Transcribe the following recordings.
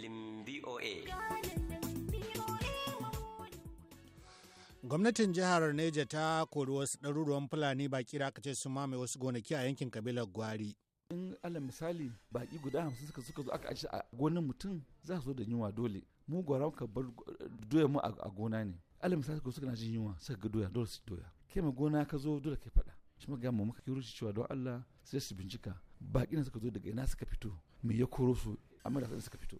dandalin BOA. Gwamnatin jihar Neja ta kori wasu ɗaruruwan Fulani baƙi da aka ce sun mame wasu gonaki a yankin kabilar Gwari. In ala misali baƙi guda hamsin suka suka zo aka aji a gonan mutum za su zo da yunwa dole. Mu gwara ka bar uh, doya mu a gona ne. Ala misali suka suka na jin yunwa suka ga doya dole su doya. Kai mai gona ka zo dole kai faɗa. shi maga mu muka kiro shi cewa don Allah sai su bincika baƙi na suka zo daga ina suka fito me ya koro su amma da suka fito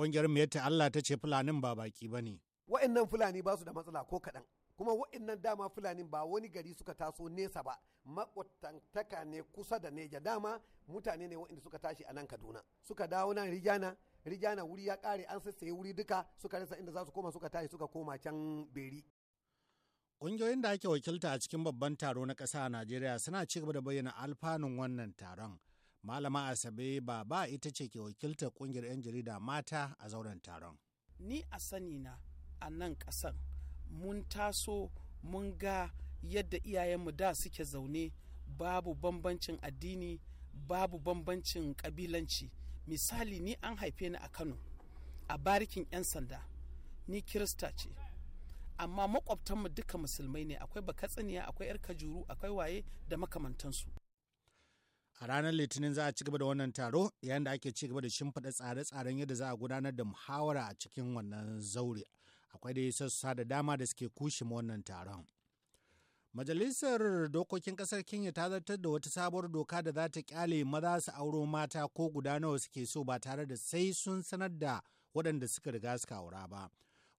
mu Meta Allah ta ce Fulanin ba baki ba ne. Wa'annan Fulani ba su da matsala ko kaɗan. Kuma wa'annan dama Fulanin ba wani gari suka taso nesa ba. Makwatantaka ne kusa da Neja dama mutane ne wa'anda suka tashi a nan Kaduna. Suka dawo nan Rijana Rijana wuri ya kare an sassaye wuri duka suka rasa inda za su koma suka tashi suka koma can Beri. Ƙungiyoyin da ake wakilta a cikin babban taro na ƙasa a Najeriya suna ci gaba da bayyana alfanun wannan taron Malama Asabe Baba ita ce ke wakiltar kungiyar 'yan jarida mata a zauren taron. Ni a sani na a nan ƙasar mun taso mun ga yadda iyayenmu da suke zaune babu bambancin addini babu bambancin ƙabilanci. Misali ni an haife ni a Kano a barikin 'yan sanda ni Kirista ce. Amma makwabtanmu duka musulmai ne akwai bakatsaniya akwai 'yar kajuru akwai waye da makamantansu. A ranar Litinin za a ci gaba da wannan taro yayin da ake ci gaba da shimfiɗa tsare-tsaren yadda za a gudanar da muhawara a cikin wannan zaure. Akwai dai sassa da dama da suke kushe wannan taron. Majalisar Dokokin Ƙasar Kenya ta zartar da wata sabuwar doka da za ta kyale maza su auro mata ko guda nawa suke so ba tare da sai sun sanar da waɗanda suka riga suka aura ba.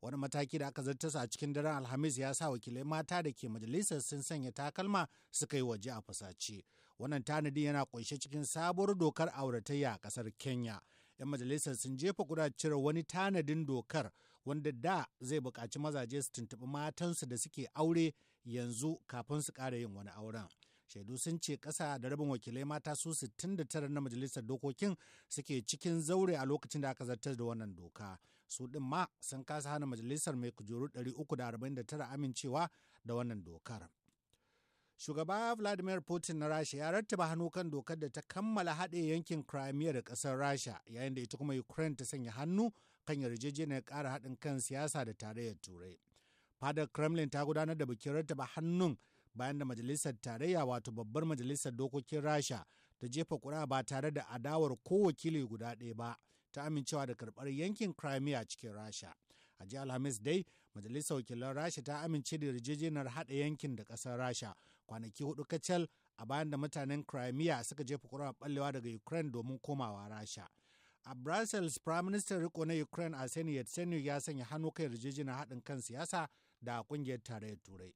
wani mataki da aka zartasa a cikin daren alhamis ya sa wakilai mata da ke majalisar sun sanya takalma suka yi waje a fasace Wannan tanadin yana kunshe cikin sabuwar dokar auratayya a ƙasar Kenya. 'Yan majalisar sun jefa kuda cire wani tanadin dokar wanda da zai buƙaci mazaje su tuntuɓi matansu da suke aure yanzu kafin su ƙara yin wani auren. shaidu sun ce ƙasa da rabin wakilai mata su tara na majalisar dokokin suke cikin zaure a lokacin da aka zartar da wannan doka su din ma sun kasa hana majalisar mai kujeru 349 amincewa da wannan dokar shugaba vladimir putin na rasha ya rattaba hannu kan dokar da ta kammala haɗe yankin crimea da ƙasar rasha yayin da ita kuma ukraine ta sanya hannu kan yarjejeniyar ƙara haɗin kan siyasa da tarayyar turai fadar kremlin ta gudanar da bikin rattaba hannun bayan da majalisar tarayya wato babbar majalisar dokokin rasha ta jefa ƙuri'a ba tare da adawar ko wakili guda ɗaya ba ta amincewa da karɓar yankin crimea cikin rasha a jiya alhamis dai majalisar wakilan rasha ta amince da yarjejeniyar haɗa yankin da ƙasar rasha kwanaki hudu kacal a bayan da mutanen Crimea suka jefa kura ɓallewa daga Ukraine domin komawa Rasha. A Brussels, Prime Minister riko na Ukraine Arseniy Yatsenyuk ya sanya hannu kan yarjejeniyar haɗin kan siyasa da ƙungiyar tarayyar Turai.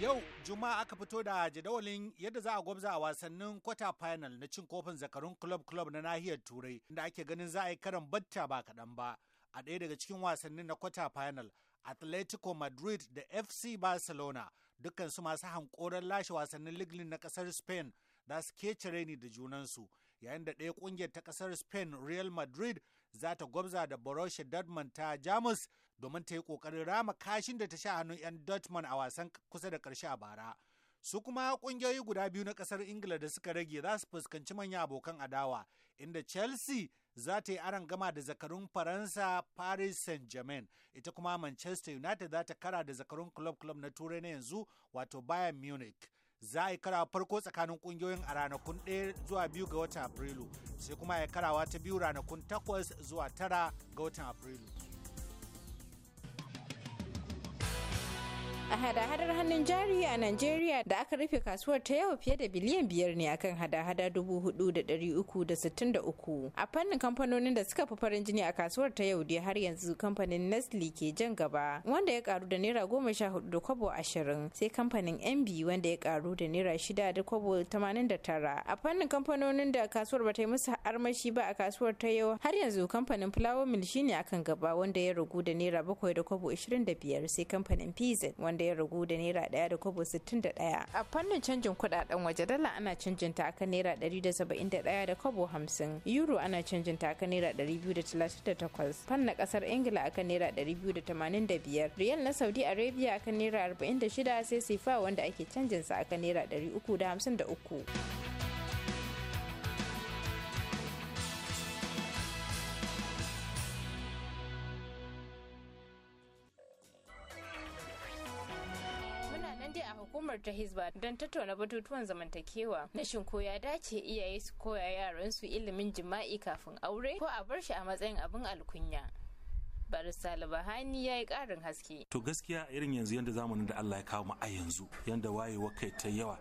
Yau Juma'a aka fito da jadawalin yadda za a gwabza a wasannin kwata final na cin kofin zakarun club club na nahiyar Turai inda ake ganin za a yi karan batta ba kaɗan ba. A ɗaya daga cikin wasannin na kwata final Atletico Madrid da FC Barcelona dukansu masu hankoron lashe wasannin liglin na kasar Spain za su kecere ni da junansu yayin da ɗaya ƙungiyar ta ƙasar Spain Real Madrid za ta gwabza da Borussia Dortmund ta Jamus domin ta yi ƙoƙarin rama kashin da ta sha hannun 'yan Dortmund a wasan kusa da ƙarshe a bara. su kuma kungiyoyi guda biyu na kasar ingila da suka rage za su fuskanci manyan abokan adawa inda chelsea za ta yi aron gama da zakarun faransa paris saint germain ita kuma manchester united za ta kara da zakarun club club na turai na yanzu wato bayern munich za a yi karawa farko tsakanin kungiyoyin a ranakun 1 zuwa 2 ga watan afrilu sai kuma a yi karawa ta biyu ranakun 8 zuwa 9 ga watan afrilu a hada-hadar hannun jari a Najeriya da aka rufe kasuwar ta yau fiye da biliyan biyar ne akan hada-hada dubu hudu da dari uku da sittin da uku. A fannin kamfanonin da suka fi farin jini a kasuwar ta yau dai har yanzu kamfanin Nestle ke jan gaba wanda ya karu da naira goma sha hudu da kwabo ashirin sai kamfanin MB wanda ya karu da naira shida da kwabo tamanin da tara. A fannin kamfanonin da kasuwar ba ta yi musu armashi ba a kasuwar ta yau har yanzu kamfanin Flower Mill shine akan gaba wanda ya ragu da naira bakwai da kwabo ashirin da biyar sai kamfanin PZ wanda ya ragu da naira ɗaya da kobo sittin da ɗaya a fannin canjin kuɗaɗen waje dala ana canjin ta akan naira ɗari da saba'in da ɗaya da kobo hamsin euro ana canjin ta akan naira ɗari biyu da talatin da takwas fannin ƙasar ingila akan naira ɗari biyu da tamanin da biyar riyal na saudi arabia akan naira arba'in da shida sai sifa wanda ake canjin sa akan naira ɗari uku da hamsin da uku. an je a hukumar ta hizba don tattauna batutuwan zamantakewa na shin ko ya dace iyaye su koya yaran su ilimin jima'i kafin aure ko a bar shi a matsayin abin alkunya barista labahani ya yi ƙarin haske. To gaskiya irin yanzu yadda zamanin da Allah ya kawo mu a yanzu yadda wayewa kai ta yawa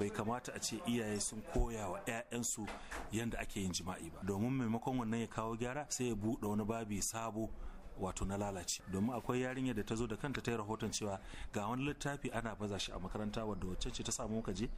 bai kamata a ce iyaye sun koya wa 'ya'yansu yadda ake yin jima'i ba domin maimakon wannan ya kawo gyara sai ya buɗe wani babi sabo wato na lalace domin akwai yarinya da ta zo da kanta ta yi rahoton cewa ga wani littafi ana baza shi a makaranta wadda wacce ce ta samu muka je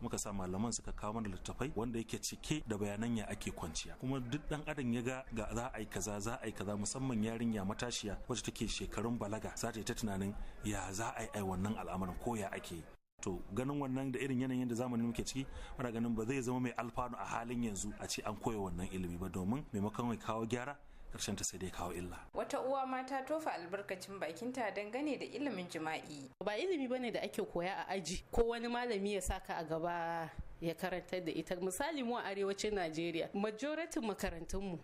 muka sa malaman suka kawo mana littafai wanda yake cike da bayanan ya ake kwanciya kuma duk dan adam ya ga ga za a yi kaza za a yi kaza musamman yarinya matashiya wacce take shekarun balaga za ta yi ta tunanin ya za a yi wannan al'amarin ko ya ake yi to ganin wannan da irin yanayin da zamanin muke ciki muna ganin ba zai zama mai alfanu a halin yanzu a ce an koya wannan ilimi ba domin maimakon mai kawo gyara karshen ta sai dai kawo illa wata uwa ma ta tofa albarkacin bakinta dangane da ilimin jima'i ba ilimi bane da ake koya a aji ko wani malami ya saka a gaba ya karantar da ita misali mu a arewacin Najeriya majoratin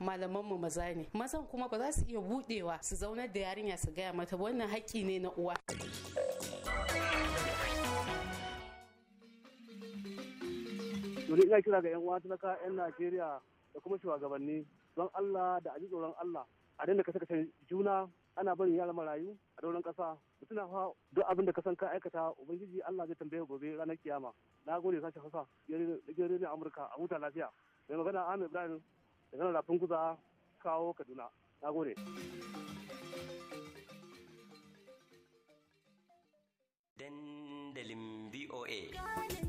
malaman mu maza ne mazan kuma ba za su iya budewa su zaunar da yarinya su gaya mata wannan haƙƙi ne na uwa Wani ina kira ga 'yan uwa talaka 'yan Najeriya da kuma shugabanni don Allah da ji tsoron Allah a daina kasa kashe juna ana barin yara marayu a dauran kasa mutuna fa duk abin da ka san ka aikata ubangiji Allah zai tambaye gobe ranar kiyama na gode sashi hausa yare amurka a huta lafiya mai magana ahmed ibrahim da nan rafin kuza kawo kaduna na gode dandalin voa